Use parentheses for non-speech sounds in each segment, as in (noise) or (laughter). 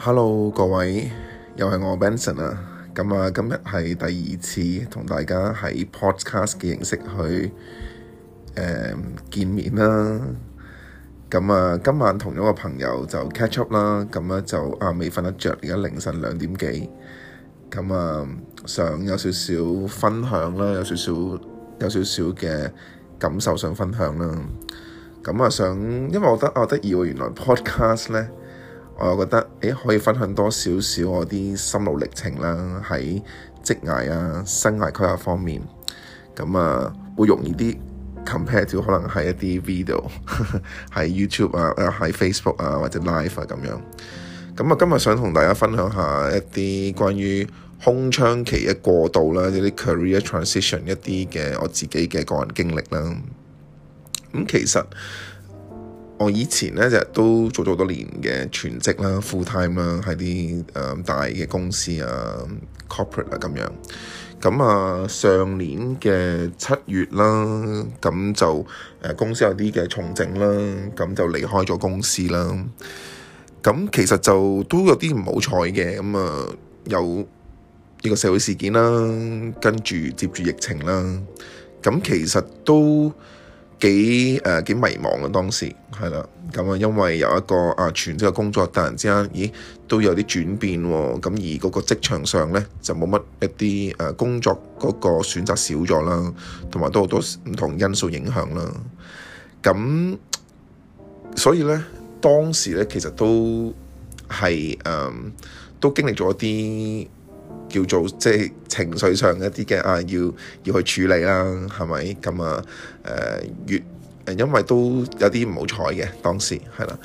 Hello，各位，又係我 Benson 啊！咁啊，今日係第二次同大家喺 Podcast 嘅形式去誒、嗯、見面啦。咁啊，今晚同咗個朋友就 catch up 啦。咁啊，就啊未瞓得着，而家凌晨兩點幾。咁啊，想有少少分享啦，有少少有少少嘅感受想分享啦。咁啊，想，因為我覺得我覺得得意喎，原來 Podcast 咧。我又覺得，誒可以分享多少少我啲心路歷程啦，喺職涯啊、生涯規劃、啊、方面，咁、嗯、啊會容易啲 compare to 可能係一啲 video，喺 (laughs) YouTube 啊、喺 Facebook 啊、啊或者 live 啊咁樣。咁、嗯、啊，今日想同大家分享下一啲關於空窗期嘅過渡啦，一啲 career transition 一啲嘅我自己嘅個人經歷啦。咁、嗯、其實，我以前呢，就都做咗多年嘅全職啦、full time 啦，喺啲誒大嘅公司啊、corporate 啊咁樣。咁啊，上年嘅七月啦，咁就誒、呃、公司有啲嘅重整啦，咁就離開咗公司啦。咁其實就都有啲唔好彩嘅，咁啊有呢個社會事件啦，跟住接住疫情啦。咁其實都幾誒幾迷惘嘅當時係啦，咁啊，因為有一個啊全職嘅工作，突然之間咦都有啲轉變喎，咁而嗰個職場上咧就冇乜一啲誒工作嗰個選擇少咗啦，同埋都好多唔同因素影響啦，咁所以咧當時咧其實都係誒都經歷咗一啲。叫做即係情緒上一啲嘅啊，要要去處理啦，係咪咁啊？誒、呃、越誒，因為都有啲唔好彩嘅當時係啦。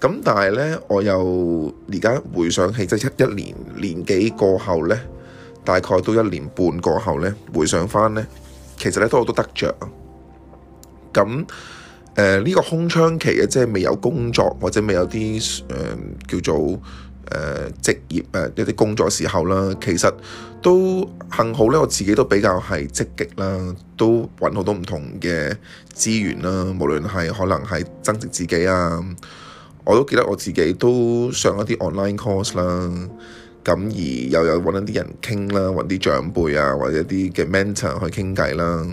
咁但係咧，我又而家回想起即係、就是、一,一年年幾過後咧，大概都一年半過後咧，回想返咧，其實咧都好多得着。咁誒呢個空窗期啊，即係未有工作或者未有啲誒、呃、叫做。誒職業、呃、誒一啲工作時候啦，其實都幸好咧，我自己都比較係積極啦，都揾好多唔同嘅資源啦。無論係可能係增值自己啊，我都記得我自己都上一啲 online course 啦。咁而又有揾一啲人傾啦，揾啲長輩啊或者啲嘅 mentor 去傾偈啦。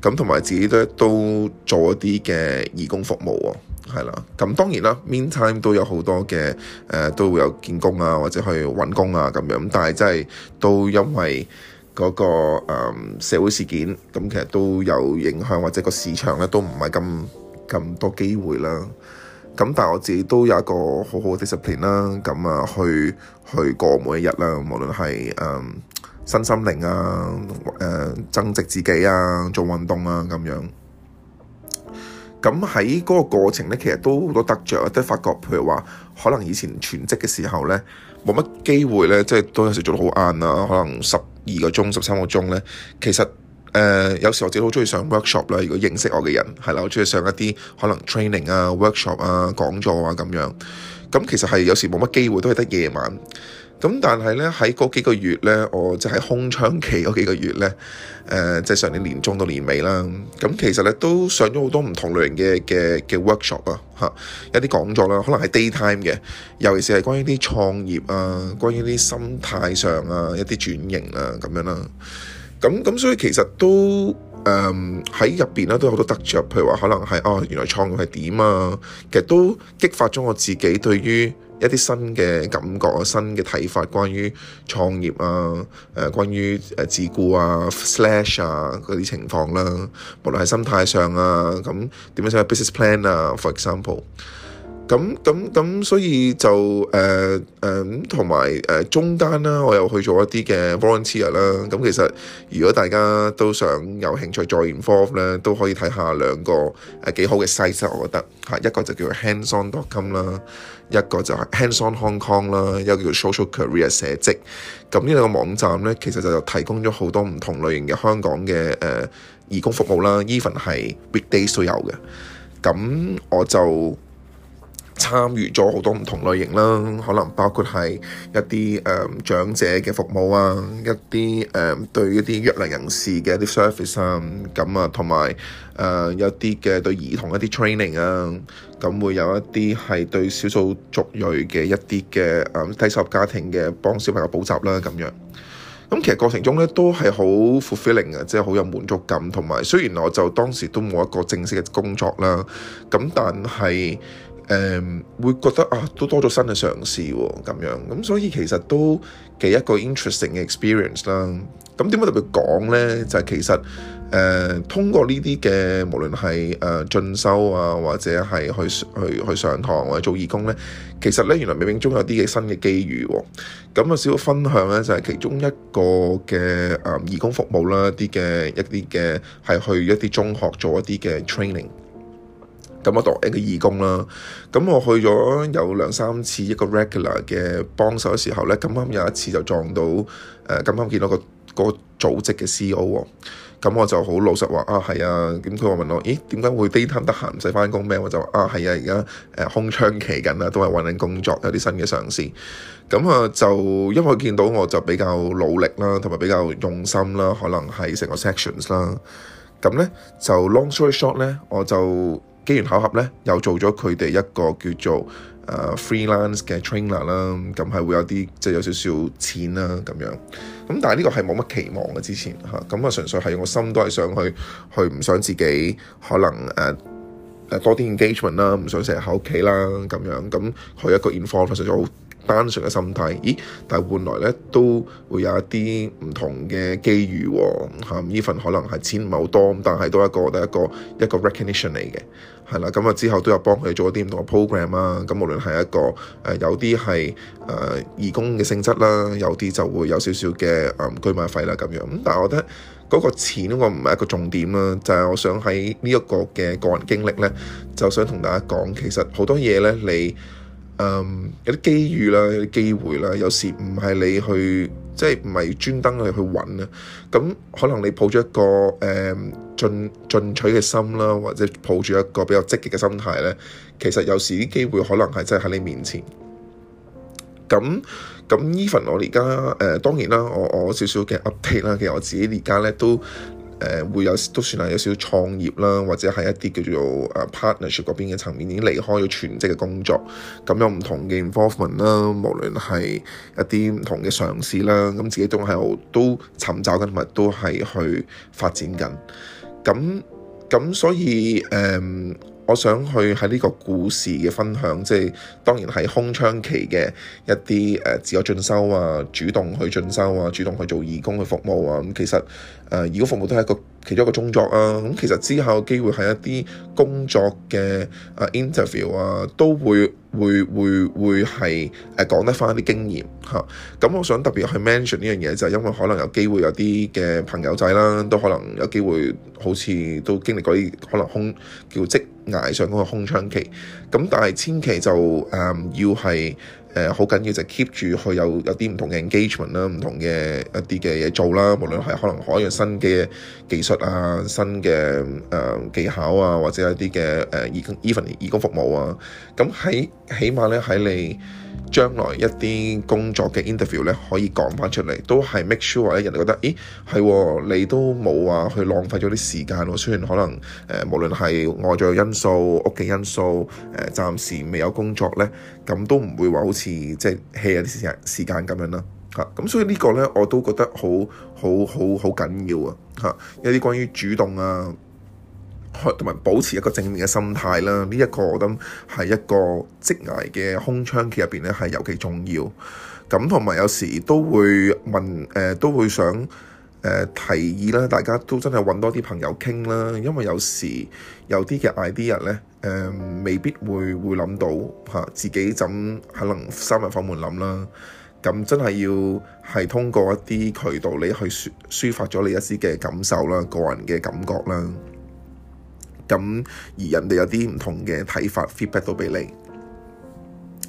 咁同埋自己都都做一啲嘅義工服務喎、啊。係啦，咁當然啦，mean time 都有好多嘅，誒、呃、都會有見工啊，或者去搵工啊咁樣，但係真係都因為嗰、那個、呃、社會事件，咁其實都有影響，或者個市場咧都唔係咁咁多機會啦。咁但係我自己都有一個好好嘅 discipline 啦，咁啊去去過每一日啦，無論係誒、呃、身心靈啊，誒、呃、增值自己啊，做運動啊咁樣。咁喺嗰個過程呢，其實都好多得着啊！都發覺譬如話，可能以前全職嘅時候呢，冇乜機會呢，即係都有時做得好晏啊，可能十二個鐘、十三個鐘呢。其實誒、呃，有時我自己好中意上 workshop 啦。如果認識我嘅人係啦，我中意上一啲可能 training 啊、workshop 啊、講座啊咁樣。咁其實係有時冇乜機會，都係得夜晚。咁但係呢，喺嗰幾個月呢，我就喺空窗期嗰幾個月呢，誒即係上年年中到年尾啦。咁其實呢，都上咗好多唔同類型嘅嘅嘅 workshop 啊，嚇一啲講座啦，可能係 daytime 嘅，尤其是係關於啲創業啊，關於啲心態上啊，一啲轉型啊咁樣啦、啊。咁、嗯、咁所以其實都喺入邊呢，都有好多得着，譬如話可能係哦原來創業係點啊，其實都激發咗我自己對於一啲新嘅感覺、新嘅睇法，關於創業啊，誒、啊，關於誒自雇啊，slash 啊嗰啲情況啦，無論係心態上啊，咁點樣寫 business plan 啊，for example。咁咁咁，所以就誒誒同埋誒中間、er, 啦，我又去做一啲嘅 volunteer 啦。咁其實如果大家都想有興趣再 involve 咧，都可以睇下兩個誒、呃、幾好嘅 sites 我覺得嚇，一個就叫做 hands-on dot com 啦，一個就係 hands-on-hongkong 啦，又叫 social career 社職。咁呢兩個網站咧，其實就提供咗好多唔同類型嘅香港嘅誒、呃、義工服務啦，even 係 weekdays 都有嘅。咁、嗯、我就～參與咗好多唔同類型啦，可能包括係一啲誒、呃、長者嘅服務啊，一啲誒、呃、對一啲弱能人士嘅一啲 service 啊，咁、嗯、啊，同埋誒一啲嘅對兒童一啲 training 啊，咁、嗯、會有一啲係對少數族裔嘅一啲嘅、嗯、低收入家庭嘅幫小朋友補習啦、啊，咁樣咁、嗯、其實過程中咧都係好 fulfilling 啊，即係好有滿足感，同埋雖然我就當時都冇一個正式嘅工作啦，咁、嗯、但係。誒、um，會覺得啊，都多咗新嘅嘗試喎、哦，咁樣咁、嗯、所以其實都幾一個 interesting 嘅 experience 啦。咁點解特別講呢？就係、是、其實誒、呃、通過呢啲嘅，無論係誒、呃、進修啊，或者係去去去上堂或者做義工呢，其實呢，原來冥冥中有啲嘅新嘅機遇喎、哦。咁啊少少分享呢，就係、是、其中一個嘅誒、嗯、義工服務啦，啲嘅一啲嘅係去一啲中學做一啲嘅 training。咁我當一個義工啦。咁我去咗有兩三次一個 regular 嘅幫手嘅時候呢咁啱有一次就撞到誒，咁、呃、啱見到、嗰個、嗰個組織嘅 CEO 咁我就好老實話啊，係啊。咁佢話問我：咦，點解會 daytime 得閒，唔使返工咩？我就話啊係啊，而家誒空窗期緊啦，都係揾緊工作，有啲新嘅嘗試。咁啊，就因為見到我就比較努力啦，同埋比較用心啦，可能係成個 sections 啦。咁呢就 long story short 呢，我就。機緣巧合咧，又做咗佢哋一個叫做誒、呃、freelance 嘅 trainer 啦，咁、嗯、係會有啲即係有少少錢啦、啊、咁樣。咁但係呢個係冇乜期望嘅之前嚇，咁啊純粹係我心都係想去，去唔想自己可能誒誒、啊啊、多啲 engagement 啦、啊，唔想成日喺屋企啦咁樣，咁去一個遠方發生咗。單純嘅心態，咦？但換來咧都會有一啲唔同嘅機遇喎。嚇，依份可能係錢唔係好多，但係都係一個，我覺得一個一個 recognition 嚟嘅，係啦。咁啊之後都有幫佢做一啲唔同嘅 program 啦、啊。咁無論係一個誒，有啲係誒義工嘅性質啦，有啲就會有少少嘅誒、呃、居馬費啦咁樣。咁但係我覺得嗰個錢我唔係一個重點啦，就係、係、我想喺呢一個嘅個人經歷咧，就想同大家講，其實好多嘢咧你。誒、um,，有啲機遇啦，有啲機會啦，有時唔係你去，即係唔係專登嚟去揾啦。咁可能你抱住一個誒、um, 進進取嘅心啦，或者抱住一個比較積極嘅心態咧，其實有時啲機會可能係真係喺你面前。咁咁 even 我而家誒，當然啦，我我少少嘅 update 啦，其實我自己而家咧都。誒會有都算係有少少創業啦，或者係一啲叫做誒 partnership 嗰邊嘅層面，已經離開咗全職嘅工作，咁有唔同嘅 involvement 啦，無論係一啲唔同嘅嘗試啦，咁自己都係都尋找緊，同埋都係去發展緊，咁咁所以誒。Um, 我想去喺呢個故事嘅分享，即係當然係空窗期嘅一啲誒自我進修啊，主動去進修啊，主動去做義工去服務啊。咁其實誒，義工服務都係一個。其中一個工作啊，咁其實之後嘅機會係一啲工作嘅啊 interview 啊，都會會會會係誒講得返啲經驗嚇。咁、啊嗯、我想特別去 mention 呢樣嘢就係、是、因為可能有機會有啲嘅朋友仔啦，都可能有機會好似都經歷過啲可能空叫職涯上嗰個空窗期。咁、嗯、但係千祈就誒、嗯、要係。誒好緊要就 keep 住去有有啲唔同嘅 engagement 啦，唔同嘅一啲嘅嘢做啦，無論係可能學一樣新嘅技術啊、新嘅誒、呃、技巧啊，或者一啲嘅誒誒義工義工服務啊，咁喺起碼咧喺你將來一啲工作嘅 interview 咧可以講翻出嚟，都係 make sure 或者人哋覺得，咦係、哦、你都冇話去浪費咗啲時間咯，雖然可能誒、呃、無論係外在因素、屋企因素誒、呃、暫時未有工作咧，咁都唔會話好似。即係 hea 啲時間時間咁樣啦嚇，咁、啊、所以個呢個咧我都覺得好好好好緊要啊嚇、啊，有啲關於主動啊，同埋保持一個正面嘅心態啦、啊，呢、這個嗯、一個我覺得喺一個職涯嘅空窗期入邊咧係尤其重要，咁同埋有時都會問誒、呃、都會想。提議啦，大家都真係揾多啲朋友傾啦，因為有時有啲嘅 idea 咧、呃，未必會會諗到嚇，自己怎可能三入房門諗啦？咁真係要係通過一啲渠道，你去抒抒發咗你一啲嘅感受啦、個人嘅感覺啦，咁而人哋有啲唔同嘅睇法 feedback 到俾你。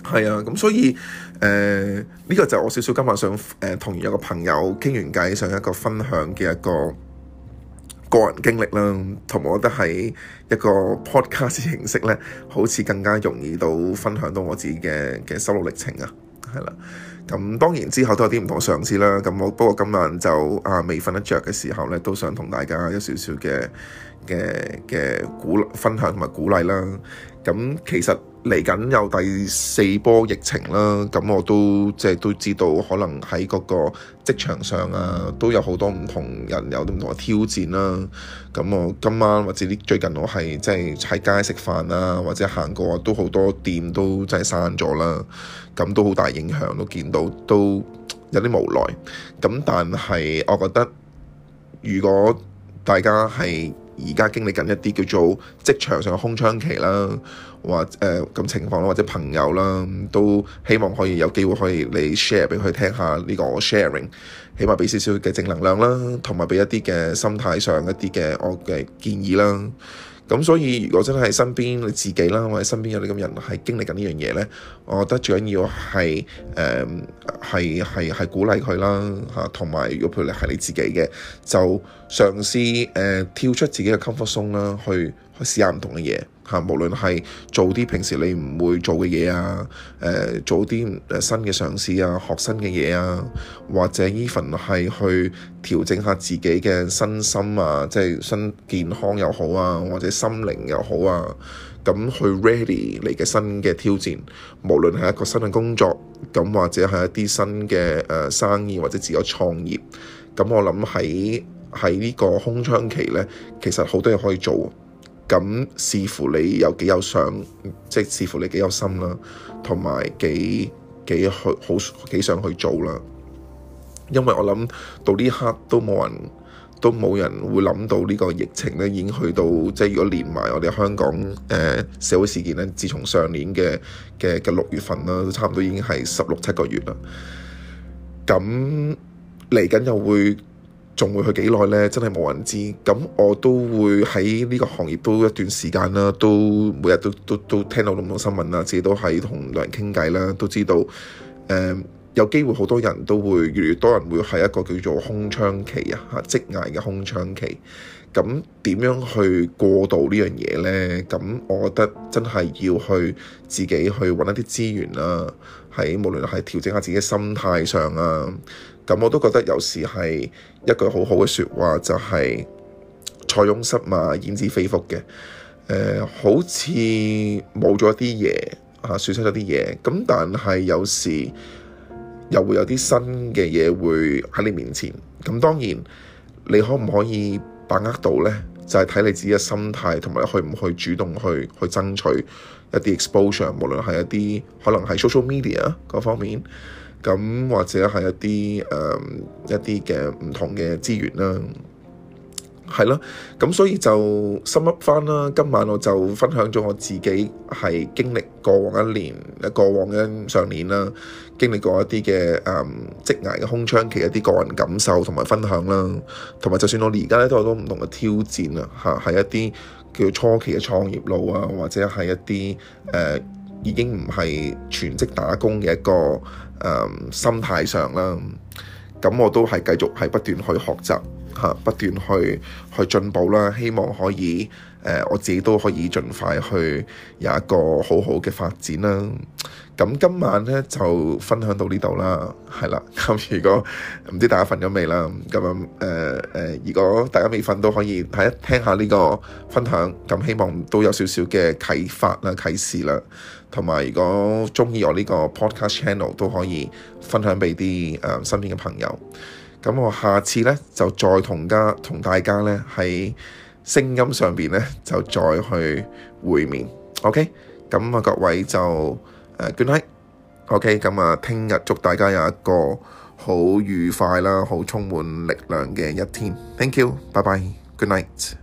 係啊，咁所以誒呢、呃這個就我少少今晚想誒同、呃、一個朋友傾完偈，想一個分享嘅一個個人經歷啦，同我覺得喺一個 podcast 形式咧，好似更加容易到分享到我自己嘅嘅收錄歷程啊，係啦、啊。咁當然之後都有啲唔同嘅嘗試啦。咁我不，不過今晚就啊未瞓得着嘅時候咧，都想同大家有少少嘅嘅嘅鼓分享同埋鼓勵啦。咁其實。嚟緊有第四波疫情啦，咁我都即係都知道，可能喺嗰個職場上啊，都有好多唔同人有啲唔同嘅挑戰啦、啊。咁我今晚或者最近我係即係喺街食飯啊，或者行過都好多店都即係閂咗啦，咁都好大影響，都見到都有啲無奈。咁但係我覺得，如果大家係，而家經歷緊一啲叫做職場上空窗期啦，或誒咁、呃、情況啦，或者朋友啦，都希望可以有機會可以你 share 俾佢聽下呢個 sharing，起碼俾少少嘅正能量啦，同埋俾一啲嘅心態上一啲嘅我嘅建議啦。咁所以如果真係身邊你自己啦，或者身邊有啲咁人係經歷緊呢樣嘢咧，我覺得最緊要係誒係係係鼓勵佢啦吓，同埋如果譬如你係你自己嘅，就嘗試誒跳出自己嘅 comfort zone 啦，去去試下唔同嘅嘢。啊，無論係做啲平時你唔會做嘅嘢啊，誒做啲誒新嘅嘗試啊，學新嘅嘢啊，或者 even 係去調整下自己嘅身心啊，即係身健康又好啊，或者心靈又好啊，咁去 ready 你嘅新嘅挑戰，無論係一個新嘅工作，咁或者係一啲新嘅誒生意或者自由創業，咁我諗喺喺呢個空窗期呢，其實好多嘢可以做。咁視乎你有幾有想，即係視乎你幾有心啦，同埋幾幾去好幾想去做啦。因為我諗到呢刻都冇人，都冇人會諗到呢個疫情咧，已經去到即係如果連埋我哋香港誒社會事件咧，自從上年嘅嘅嘅六月份啦，都差唔多已經係十六七個月啦。咁嚟緊又會。仲會去幾耐呢？真係冇人知。咁我都會喺呢個行業都一段時間啦，都每日都都都聽到咁多新聞啊，自己都係同人傾偈啦，都知道、嗯、有機會好多人都會越嚟越多人會喺一個叫做空窗期啊，職涯嘅空窗期。咁點樣去過渡呢樣嘢呢？咁我覺得真係要去自己去揾一啲資源啦、啊。喺無論係調整下自己嘅心態上啊，咁我都覺得有時係一句好好嘅説話就係、是、塞翁失馬，焉知非福嘅。誒、呃，好似冇咗啲嘢啊，損失咗啲嘢，咁但係有時又會有啲新嘅嘢會喺你面前。咁當然你可唔可以把握到呢？就係、是、睇你自己嘅心態同埋去唔去主動去去爭取。一啲 exposure，無論係一啲可能係 social media 嗰方面，咁或者係一啲誒、呃、一啲嘅唔同嘅資源啦，係啦。咁所以就 sum up 返啦。今晚我就分享咗我自己係經歷過往一年、過往嘅上年啦，經歷過一啲嘅誒職涯嘅空窗期一啲個人感受同埋分享啦，同埋就算我而家咧都有好多唔同嘅挑戰啊，嚇係一啲。叫初期嘅創業路啊，或者係一啲誒、呃、已經唔係全職打工嘅一個誒、呃、心態上啦。咁我都係繼續係不斷去學習嚇、啊，不斷去去進步啦。希望可以。誒我自己都可以盡快去有一個好好嘅發展啦。咁今晚咧就分享到呢度啦，係啦。咁如果唔知大家瞓咗未啦，咁誒誒，如果大家未瞓都可以係聽一下呢個分享，咁希望都有少少嘅啟發啦、啟示啦。同埋如果鍾意我呢個 podcast channel 都可以分享俾啲誒身邊嘅朋友。咁我下次咧就再同家同大家咧喺。聲音上邊呢，就再去會面，OK，咁啊各位就、uh, Good night，OK，okay？咁啊聽日祝大家有一個好愉快啦，好充滿力量嘅一天，Thank you，拜拜，Good night。